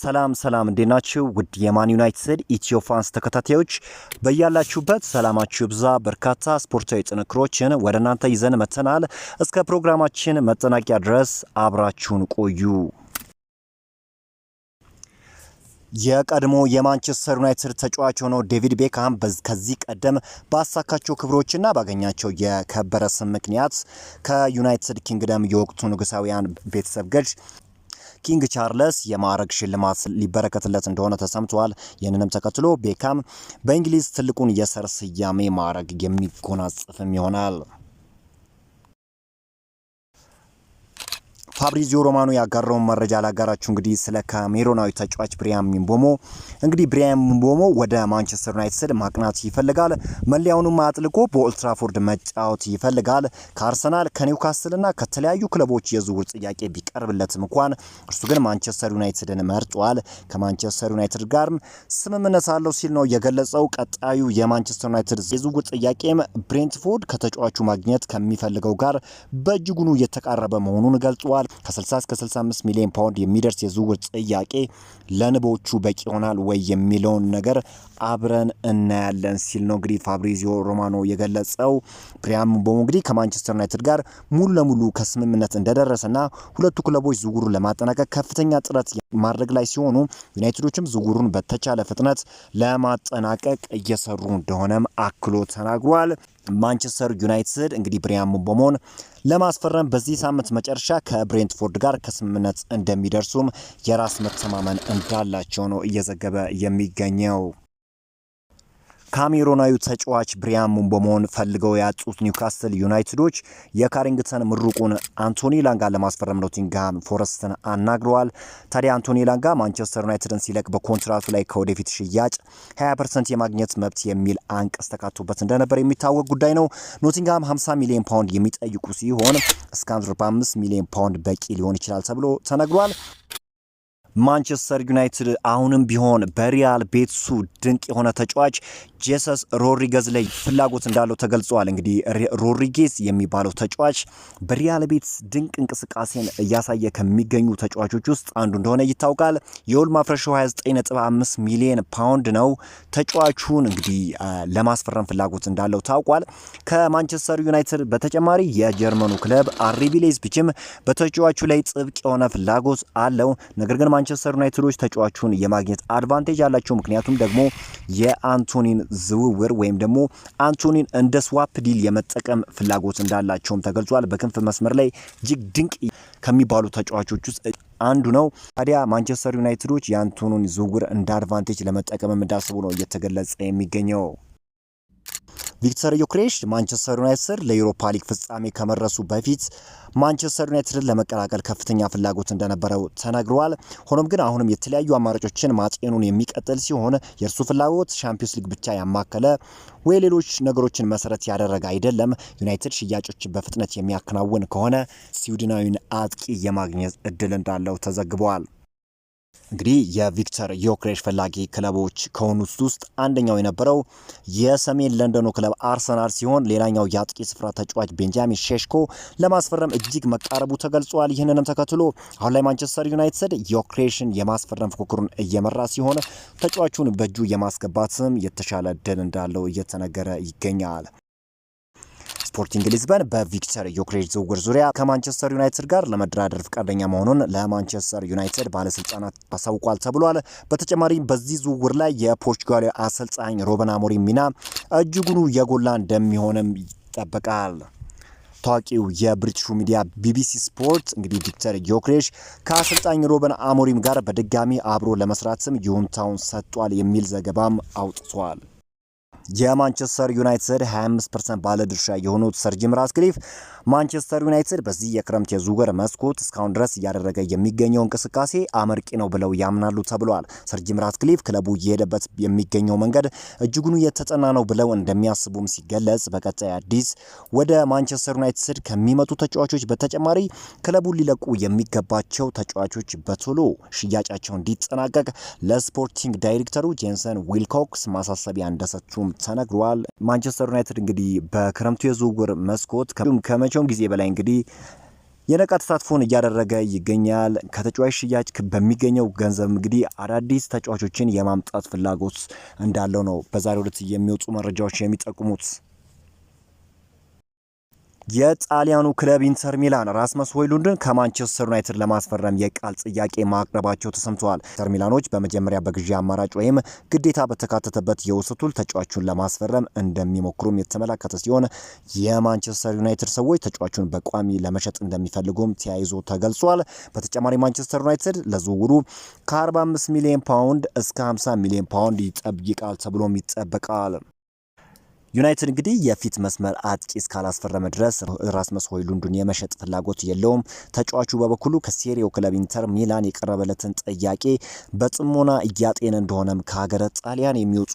ሰላም ሰላም፣ እንዴት ናችሁ? ውድ የማን ዩናይትድ ኢትዮ ፋንስ ተከታታዮች በያላችሁበት ሰላማችሁ ብዛ። በርካታ ስፖርታዊ ጥንክሮችን ወደ እናንተ ይዘን መጥተናል። እስከ ፕሮግራማችን መጠናቂያ ድረስ አብራችሁን ቆዩ። የቀድሞ የማንቸስተር ዩናይትድ ተጫዋች የሆነው ዴቪድ ቤካም ከዚህ ቀደም ባሳካቸው ክብሮችና ባገኛቸው የከበረ ስም ምክንያት ከዩናይትድ ኪንግደም የወቅቱ ንጉሳውያን ቤተሰብ ገዥ ኪንግ ቻርለስ የማዕረግ ሽልማት ሊበረከትለት እንደሆነ ተሰምቷል። ይህንንም ተከትሎ ቤካም በእንግሊዝ ትልቁን የሰር ስያሜ ማዕረግ የሚጎናጽፍም ይሆናል። ፋብሪዚዮ ሮማኖ ያጋራውን መረጃ ላጋራችሁ። እንግዲህ ስለ ካሜሮናዊ ተጫዋች ብሪያም ምቦሞ እንግዲህ ብሪያም ምቦሞ ወደ ማንቸስተር ዩናይትድ ማቅናት ይፈልጋል። መለያውንም አጥልቆ በኦልትራፎርድ መጫወት ይፈልጋል። ከአርሰናል ከኒውካስልና ከተለያዩ ክለቦች የዝውውር ጥያቄ ቢቀርብለትም እንኳን እርሱ ግን ማንቸስተር ዩናይትድን መርጧል። ከማንቸስተር ዩናይትድ ጋርም ስምምነት አለው ሲል ነው የገለጸው። ቀጣዩ የማንቸስተር ዩናይትድ የዝውውር ጥያቄም ብሬንትፎርድ ከተጫዋቹ ማግኘት ከሚፈልገው ጋር በእጅጉኑ እየተቃረበ መሆኑን ገልጿል። ተጠቅሷል። ከ60 እስከ 65 ሚሊዮን ፓውንድ የሚደርስ የዝውውር ጥያቄ ለንቦቹ በቂ ይሆናል ወይ የሚለውን ነገር አብረን እናያለን ሲል ነው እንግዲህ ፋብሪዚዮ ሮማኖ የገለጸው። ፕሪያምቦሞ እንግዲህ ከማንቸስተር ዩናይትድ ጋር ሙሉ ለሙሉ ከስምምነት እንደደረሰና ሁለቱ ክለቦች ዝውውሩን ለማጠናቀቅ ከፍተኛ ጥረት ማድረግ ላይ ሲሆኑ ዩናይትዶችም ዝውውሩን በተቻለ ፍጥነት ለማጠናቀቅ እየሰሩ እንደሆነም አክሎ ተናግሯል። ማንቸስተር ዩናይትድ እንግዲህ ብሪያን ምቦሞን ለማስፈረም በዚህ ሳምንት መጨረሻ ከብሬንትፎርድ ጋር ከስምምነት እንደሚደርሱም የራስ መተማመን እንዳላቸው ነው እየዘገበ የሚገኘው። ካሜሮናዊ ተጫዋች ብሪያን በመሆን ፈልገው ያጡት ኒውካስትል ዩናይትዶች የካሪንግተን ምሩቁን አንቶኒ ላንጋ ለማስፈረም ኖቲንግሃም ፎረስትን አናግረዋል። ታዲያ አንቶኒ ላንጋ ማንቸስተር ዩናይትድን ሲለቅ በኮንትራቱ ላይ ከወደፊት ሽያጭ 20 ፐርሰንት የማግኘት መብት የሚል አንቀጽ ተካቶበት እንደነበር የሚታወቅ ጉዳይ ነው። ኖቲንግሃም 50 ሚሊዮን ፓውንድ የሚጠይቁ ሲሆን እስከ 45 ሚሊዮን ፓውንድ በቂ ሊሆን ይችላል ተብሎ ተነግሯል። ማንቸስተር ዩናይትድ አሁንም ቢሆን በሪያል ቤትሱ ድንቅ የሆነ ተጫዋች ጄሰስ ሮድሪገዝ ላይ ፍላጎት እንዳለው ተገልጿል። እንግዲህ ሮድሪጌዝ የሚባለው ተጫዋች በሪያል ቤትስ ድንቅ እንቅስቃሴን እያሳየ ከሚገኙ ተጫዋቾች ውስጥ አንዱ እንደሆነ ይታወቃል። የውል ማፍረሻው 29.5 ሚሊዮን ፓውንድ ነው። ተጫዋቹን እንግዲህ ለማስፈረም ፍላጎት እንዳለው ታውቋል። ከማንቸስተር ዩናይትድ በተጨማሪ የጀርመኑ ክለብ አሪቢሌዝ ብችም በተጫዋቹ ላይ ጥብቅ የሆነ ፍላጎት አለው። ነገር ግን ማንቸስተር ዩናይትዶች ተጫዋቹን የማግኘት አድቫንቴጅ አላቸው። ምክንያቱም ደግሞ የአንቶኒን ዝውውር ወይም ደግሞ አንቶኒን እንደ ስዋፕ ዲል የመጠቀም ፍላጎት እንዳላቸውም ተገልጿል። በክንፍ መስመር ላይ እጅግ ድንቅ ከሚባሉ ተጫዋቾች ውስጥ አንዱ ነው። ታዲያ ማንቸስተር ዩናይትዶች የአንቶኒን ዝውውር እንደ አድቫንቴጅ ለመጠቀምም እንዳስቡ ነው እየተገለጸ የሚገኘው። ቪክተር ዩክሬሽ ማንቸስተር ዩናይትድ ለዩሮፓ ሊግ ፍጻሜ ከመድረሱ በፊት ማንቸስተር ዩናይትድን ለመቀላቀል ከፍተኛ ፍላጎት እንደነበረው ተነግሯል። ሆኖም ግን አሁንም የተለያዩ አማራጮችን ማጤኑን የሚቀጥል ሲሆን የእርሱ ፍላጎት ሻምፒዮንስ ሊግ ብቻ ያማከለ ወይ ሌሎች ነገሮችን መሰረት ያደረገ አይደለም። ዩናይትድ ሽያጮችን በፍጥነት የሚያከናውን ከሆነ ስዊድናዊን አጥቂ የማግኘት እድል እንዳለው ተዘግበዋል። እንግዲህ የቪክተር ዮክሬሽ ፈላጊ ክለቦች ከሆኑት ውስጥ አንደኛው የነበረው የሰሜን ለንደኑ ክለብ አርሰናል ሲሆን ሌላኛው የአጥቂ ስፍራ ተጫዋች ቤንጃሚን ሼሽኮ ለማስፈረም እጅግ መቃረቡ ተገልጿል። ይህንንም ተከትሎ አሁን ላይ ማንቸስተር ዩናይትድ ዮክሬሽን የማስፈረም ፉክክሩን እየመራ ሲሆን፣ ተጫዋቹን በእጁ የማስገባትም የተሻለ ድል እንዳለው እየተነገረ ይገኛል። ስፖርቲንግ ሊዝበን በቪክተር ዮክሬጅ ዝውውር ዙሪያ ከማንቸስተር ዩናይትድ ጋር ለመደራደር ፈቃደኛ መሆኑን ለማንቸስተር ዩናይትድ ባለስልጣናት አሳውቋል ተብሏል። በተጨማሪም በዚህ ዝውውር ላይ የፖርቹጋል አሰልጣኝ ሮበን አሞሪም ሚና እጅጉኑ የጎላ እንደሚሆንም ይጠበቃል። ታዋቂው የብሪቲሹ ሚዲያ ቢቢሲ ስፖርት እንግዲህ ቪክተር ዮክሬሽ ከአሰልጣኝ ሮበን አሞሪም ጋር በድጋሚ አብሮ ለመስራትም ይሁንታውን ሰጥቷል የሚል ዘገባም አውጥቷል። የማንቸስተር ዩናይትድ 25% ባለድርሻ የሆኑት ሰር ጂም ራትክሊፍ ማንቸስተር ዩናይትድ በዚህ የክረምት የዝውውር መስኮት እስካሁን ድረስ እያደረገ የሚገኘው እንቅስቃሴ አመርቂ ነው ብለው ያምናሉ ተብሏል። ሰር ጂም ራትክሊፍ ክለቡ እየሄደበት የሚገኘው መንገድ እጅጉኑ የተጠና ነው ብለው እንደሚያስቡም ሲገለጽ፣ በቀጣይ አዲስ ወደ ማንቸስተር ዩናይትድ ከሚመጡ ተጫዋቾች በተጨማሪ ክለቡን ሊለቁ የሚገባቸው ተጫዋቾች በቶሎ ሽያጫቸው እንዲጠናቀቅ ለስፖርቲንግ ዳይሬክተሩ ጄንሰን ዊልኮክስ ማሳሰቢያ እንደሰጡም ተነግሯል። ማንቸስተር ዩናይትድ እንግዲህ በክረምቱ የዝውውር መስኮት ከመቼውም ጊዜ በላይ እንግዲህ የነቃ ተሳትፎን እያደረገ ይገኛል። ከተጫዋች ሽያጭ በሚገኘው ገንዘብ እንግዲህ አዳዲስ ተጫዋቾችን የማምጣት ፍላጎት እንዳለው ነው በዛሬው ዕለት የሚወጡ መረጃዎች የሚጠቁሙት። የጣሊያኑ ክለብ ኢንተር ሚላን ራስመስ ሆይሉንድን ከማንቸስተር ዩናይትድ ለማስፈረም የቃል ጥያቄ ማቅረባቸው ተሰምተዋል። ኢንተር ሚላኖች በመጀመሪያ በግዢ አማራጭ ወይም ግዴታ በተካተተበት የውሰት ውል ተጫዋቹን ለማስፈረም እንደሚሞክሩም የተመላከተ ሲሆን የማንቸስተር ዩናይትድ ሰዎች ተጫዋቹን በቋሚ ለመሸጥ እንደሚፈልጉም ተያይዞ ተገልጿል። በተጨማሪ ማንቸስተር ዩናይትድ ለዝውውሩ ከ45 ሚሊዮን ፓውንድ እስከ 50 ሚሊዮን ፓውንድ ይጠብቃል ተብሎም ይጠበቃል። ዩናይትድ እንግዲህ የፊት መስመር አጥቂ እስካላስፈረመ ድረስ ራስመስ ሆይሉንዱን የመሸጥ ፍላጎት የለውም። ተጫዋቹ በበኩሉ ከሴሪው ክለብ ኢንተር ሚላን የቀረበለትን ጥያቄ በጥሞና እያጤነ እንደሆነም ከሀገረ ጣሊያን የሚወጡ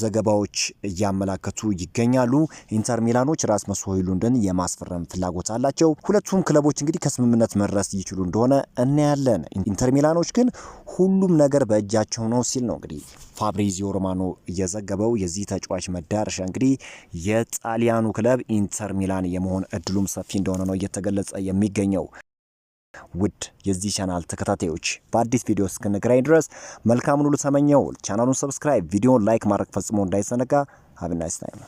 ዘገባዎች እያመላከቱ ይገኛሉ። ኢንተር ሚላኖች ራስመስ ሆይሉንድን የማስፈረም ፍላጎት አላቸው። ሁለቱም ክለቦች እንግዲህ ከስምምነት መድረስ ይችሉ እንደሆነ እናያለን። ኢንተር ሚላኖች ግን ሁሉም ነገር በእጃቸው ነው ሲል ነው እንግዲህ ፋብሪዚዮ ሮማኖ እየዘገበው የዚህ ተጫዋች መዳረሻ እንግዲህ እንግዲህ የጣሊያኑ ክለብ ኢንተር ሚላን የመሆን እድሉም ሰፊ እንደሆነ ነው እየተገለጸ የሚገኘው። ውድ የዚህ ቻናል ተከታታዮች በአዲስ ቪዲዮ እስክንገናኝ ድረስ መልካሙን ሁሉ ተመኘው። ቻናሉን ሰብስክራይብ፣ ቪዲዮን ላይክ ማድረግ ፈጽሞ እንዳይዘነጋ። ታይም።